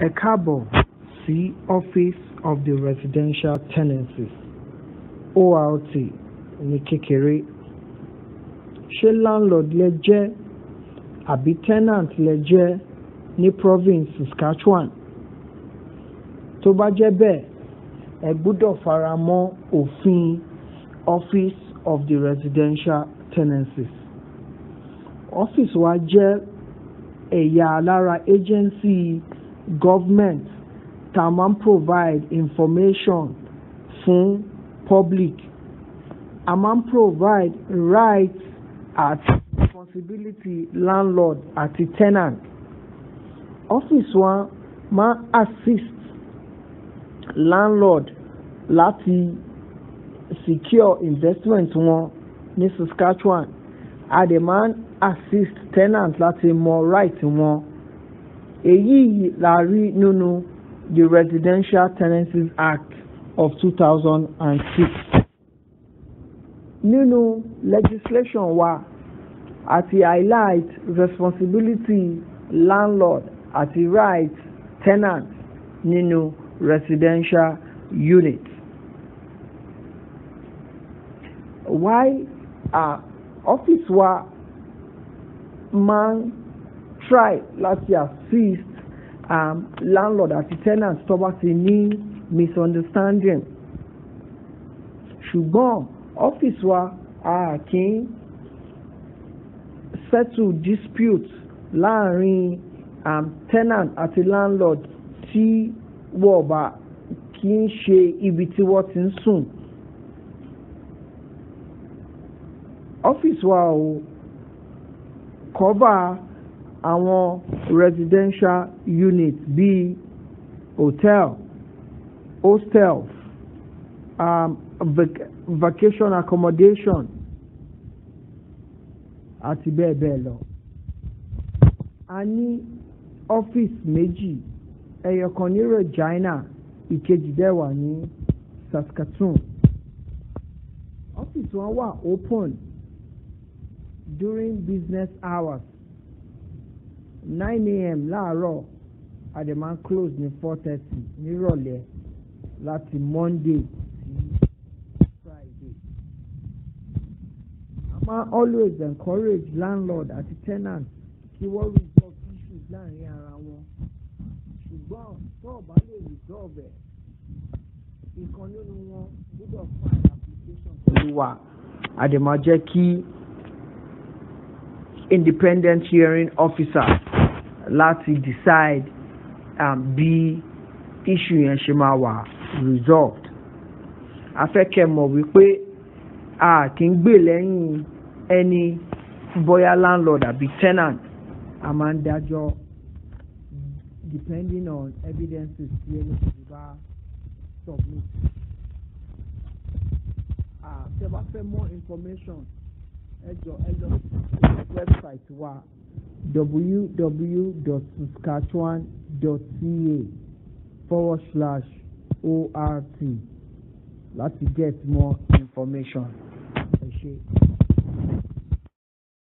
A cabo, C Office of the Residential Tenancies OLT ní kékeré. Ṣé landlord lẹ jẹ́ àbí tenant lẹ jẹ́ ní province Saskatchewan? Tó bá jẹ́ bẹ́ẹ̀, ẹ gbúdọ̀ fara mọ́ òfin Office of the Residential Tenancies. Office wa jẹ́ ẹ̀yà lára agency government ta provide information fún public a provide rights at responsibility landlord àti tenant office wa máa assist landlord láti secure investment wọn ní Saskatchewan a dẹ̀ máa assist tenant láti mọ right wọn èyí yìí la rí nínú the Residential Tenancies Act of two thousand and six nínú legislation wa àti highlight responsibility landlord àti right tenant nínú residential unit. why uh, office wa máa try láti assist um, landlord àti tenant tó bá ti misunderstanding ṣùgbọ́n ọ́fíìsì wa a kì í settle dispute láàrin um, tenant àti landlord tí wọ́n bá kì í ṣe ibi tí wọ́n ti ń sùn. ọ́fíìsì wa ò kọ́ àwọn residential units bíi hotel hostel, um, vac vacation accommodation àti bẹ́ẹ̀ bẹ́ẹ̀ lọ. a ní ọ́fíìsì méjì ẹyọ kan ní Regina ìkejì dẹ̀ wà ní Saskatoon ọ́fíìsì wọn wà open during business hours nine a.m. láàárọ̀ a dẹ̀ máa ń close ní four thirty nírọ̀lẹ́ láti Monday sí Friday. a máa always encourage landlord àti tenant kí wọ́n resolve issues láàrin ara wọn ṣùgbọ́n tó o bá lè resolve ẹ̀ ìkan nínú wọn gbọ́dọ̀ file application pẹ̀lú wa a dẹ̀ máa jẹ́ kí independent hearing officer láti decide um, bí issue yẹn ṣe máa wà resolved a fẹ́ kẹ́ mọ̀ wípé a kì í gbè lẹ́yìn ẹni bóyá landlord àbí tenant a máa ń dájọ́ depending on evidences tí ẹni tó bá submit. Uh, tẹ́ fẹ́ more information ẹ jọ ẹ lọ sí website wa www.saskatchewan.ca forward slash ORT láti get more information. Ẹ ṣé.